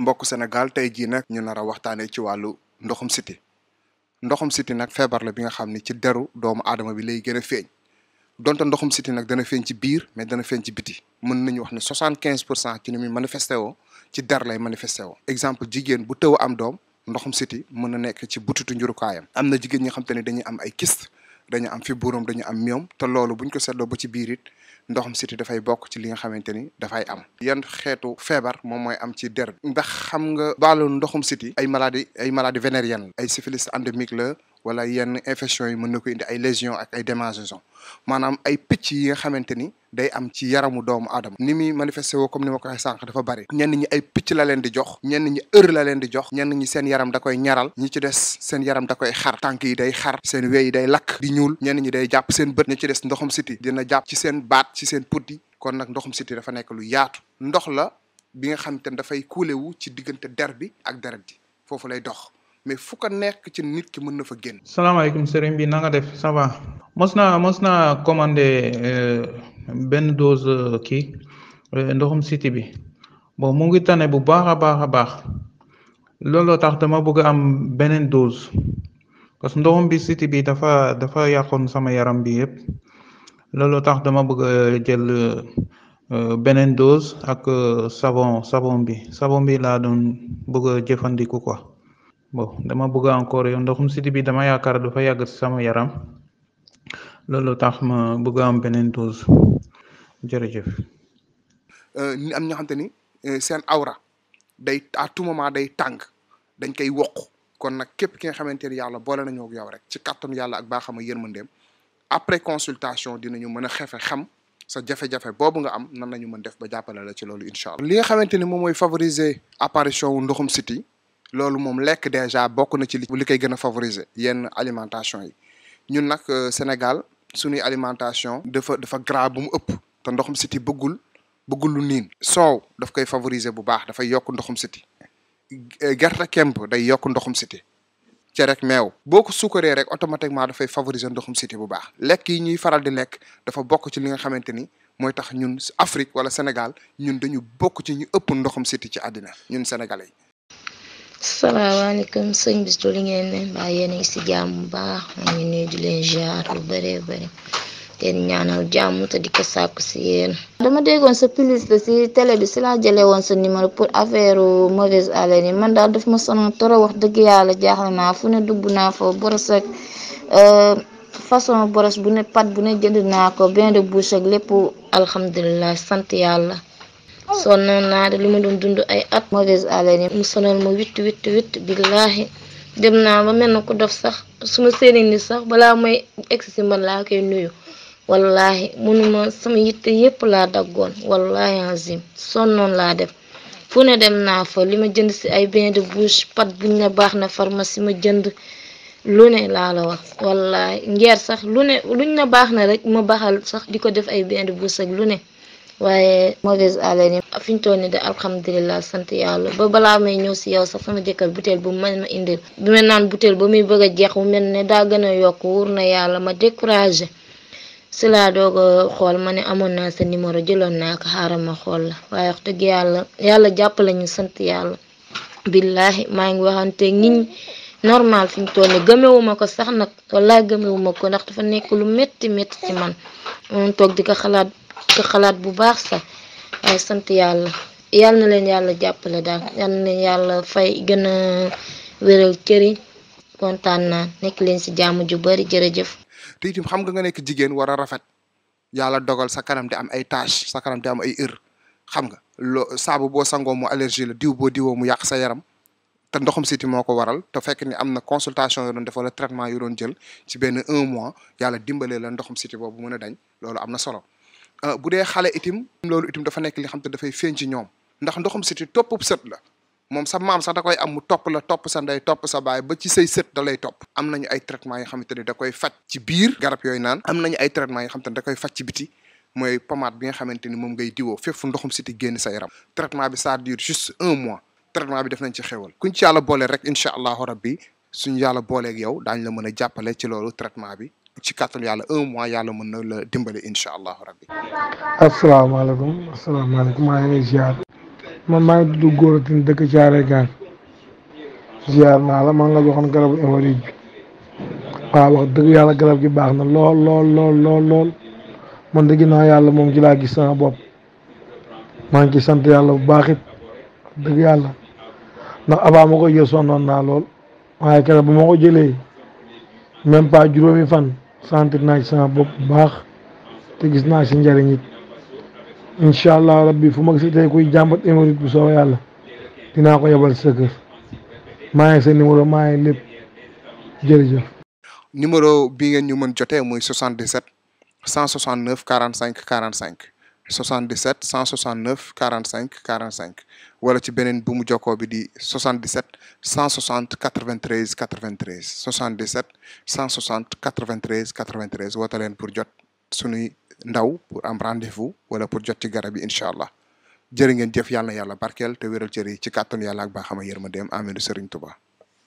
mbokk Sénégal tey jii nag ñu nar a waxtaanee ci wàllu ndoxum siti ndoxum siti nag feebar la bi nga xam ni ci deru doomu aadama bi lay gën a feeñ donte ndoxum siti nag dana feeñ ci biir mais dana feeñ ci biti mën nañu wax ne soixante quinze pour cent ci ni muy manifesté woo ci der lay manifesté woo exemple jigéen bu tëw am doom ndoxum siti mën na nekk ci butitu njurukaayam am na jigéen ñi xam te ne dañuy am ay kyste dañu am fi buuram dañu am ñoom te loolu buñ ko seddoo ba ci biir it ndoxum siti dafay bokk ci li nga xamante ni dafay am yan xeetu feebar moom mooy am ci der ndax xam nga baalu ndoxum siti ay maladie ay maladie vénérienne ay syphilis endémique la wala yenn infection yi mën na ko indi ay lésions ak ay démangeaisons maanaam ay picc yi nga xamante ni day am ci yaramu doomu aadama ni muy manifesté woo comme ni ma ko waxee sànq dafa bari ñenn ay picc la leen di jox ñenn ñi heure la leen di jox ñenn ñi seen yaram da koy ñaral ñi ci des seen yaram da koy xar tànk yi day xar seen wey yi day lakk di ñuul ñenn ñi day jàpp seen bët ñi ci des ndoxum siti dina jàpp ci seen baat ci seen put kon nag ndoxum siti dafa nekk lu yaatu ndox la bi nga xamante ni dafay kuule wu ci diggante der bi ak deret ji foofu lay dox mais fu ko nekk ci nit ki mën na fa génn. salaamaaleykum sëriñ bi nanga def ça va. mos naa mos naa commandé euh, benn dose euh, kii euh, ndoxum siti bi bon mu ngi tane bu baax a baax a baax looloo tax dama bëgg am beneen dose parce que ndoxum bi siti bi dafa dafa yàqoon sama yaram bi yëpp looloo tax dama bëgg a jël beneen dose ak savon savon bi savon bi laa doon bëgg a jëfandiku quoi. bon dama bëgg encore yow ndoxum siti bi dama yaakaar dafa yàgg sama yaram loolu tax ma bëgg am beneen dose jërëjëf. Euh, ni am ñoo xamante ni euh, seen awra day à tout moment day tàng dañ koy wokk kon nag képp ki nga xamante ni yàlla boole nañoo ak yow rek ci kàttanu yàlla ak baaxam a yërmandeem après consultation dinañu mën a xefe xam. sa jafe-jafe boobu nga am nan nañu mën def ba jàppale la ci loolu incha allah. li nga xamante ni moom mooy favoriser apparition wu ndoxum siti lolou mom lek déjà bokku na ci li koy gën favoriser yenn alimentation yi ñun nak euh, Sénégal suñu alimentation dafa dafa gras bu mu ëpp te ndoxum siti bëggul bëggul lu niin soow daf koy favoriser bu baax dafa yokk ndoxum siti euh, gerte kemb day yokk ndoxum siti ci rek meew boo ko rek automatiquement dafay favoriser ndoxum siti bu baax lek yi ñuy faral di lek dafa bokku ci li nga xamanteni moy tax ñun Afrique wala Sénégal ñun dañu bokku ci ñu ëpp ndoxum siti ci àddina ñun sénégalais salaamaaleykum sëñ bi su li ngeen ne mbaa yéen a ngi si jàmm bu baax ma ngi nuyu di leen jaar lu bëree bëri teen ñaanal jàmm te di ko sàkku si yéen dama déggoon sa publicité si télé bi si laa jëlee woon sa numéro pour affaire mauvaise haleine yi man daal def ma sonal trop wax dëgg yàlla jaaxle naa fu ne dugg naa fa boros ak euh, façon boros bu ne pat bu ne jënd naa ko bain de bouche ak lépp alhamdulilah sant yàlla sonnoon naa de li ma doon dund ay at mauvaise haleine ma witt witt witt billaahi dem naa ba mel na ku dof sax su ma seeni ni sax balaa may egsi si man laa nuyu wallaahi mënuma sama yitte yépp laa daggoon wallaahi azim sonnoon laa def fu ne dem naa fa li ma jënd si ay bain de bouche pat buñ ne baax na pharmacie ma jënd lu ne laa la wax wallaahi ngeer sax lu ne luñ ne baax na rek ma baxal sax di ko def ay bain de bouche ak lu ne waaye mauvaise haleine yi fi ñu toll nii de alhamdulilah sant yàlla ba balaa may ñëw si yow sax sama jëkkër butéel bu man ma indi bi ma naan butéel ba muy bëgg a jeex bu mel ne daa gën a yokk wóor na yàlla ma découragé si laa doog a xool ma ne amoon naa sa numéro jëloon naa ko xaaral ma xool la waaye wax dëgg yàlla yàlla jàppale ñu sant yàlla billahi maa ngi waxante nit normal fi ñu toll gëmewuma ko sax nag wallaahi gëmewuma ko ndax dafa nekk lu métti métti ci ko xalaat bu baax sax waaye sant yàlla yàlla na leen yàlla jàppale daal yàlla na yàlla fay gën a wéral cëriñ kontaan naa nekk leen si jàmm ju bari jërëjëf. te itam xam nga nga nekk jigéen war a rafet yàlla dogal sa kanam di am ay tache sa kanam am ay ër xam nga loo saabu boo sangoo mu allergie la diw boo diwoo mu yàq sa yaram te ndoxum siti moo ko waral te fekk ni am na consultation yoo doon def traitement yoo doon jël ci benn un mois yàlla dimbalee la ndoxum siti boobu mën a dañ loolu am na solo. Euh, bu dee xale itim loolu itim dafa nekk li xam te dafay feeñ ci ñoom ndax ndoxum siti toppub sët la moom sa maam sax da koy am mu topp la topp sa ndey topp sa baay ba ci say sët da lay topp am nañu ay traitement yoo xamante ni da koy faj ci biir garab yooyu naan am nañu ay traitement yoo xamante ni da koy faj ci biti mooy pommade bi nga xamante ni moom ngay diwoo fépp fu ndoxum siti génn sa yaram traitement bi ça dure juste un mois traitement bi def nañ ci xewal kuñ ci yàlla boole rek incha allahu rabbi suñu yàlla booleeg yow daañ la mën a jàppale ci loolu traitement bi ci kàttanu yàlla un mois yàlla mën na la dimbale incha allahu rabbi. asalaamaaleykum asalaamaaleykum maa ngi lay ziar man maa ngi tudd Gora Tine dëkk Thiaroye Gare ziar naa la man la joxoon garabu émoride bi waaw wax dëgg yàlla garab gi baax na lool lool lool lool lool man de yàlla moom ci laa gis sama bopp maa ngi ci sant yàlla bu baaxit it dëgg yàlla ndax avant ma ko jël sonnoon naa lool waaye keroog bu ma ko jëlee même pas juróomi fan centre naa ci sama bopp bu baax te gis naa si njëriñ it incha allah rabbi fu ma gis tey kuy jàmbat émérite bu soobee yàlla dinaa ko yebal sa maa ngi sa numéro maa ngi lépp jërëjëf. numéro bi ngeen ñu mën jotee muy 77 169 45 45 77 169 45 45. wala ci beneen bu mu jokkoo bi di 77 160 93 93 77 160 93 93 woote leen pour jot suñuy ndaw pour am rendez-vous wala pour jot ci garab yi incha allah jërë ngeen jëf yàlla na yàlla barkeel te wéral cër yi ci kàttanu yàlla ak baaxama yërmandeem amiin Serigne Touba.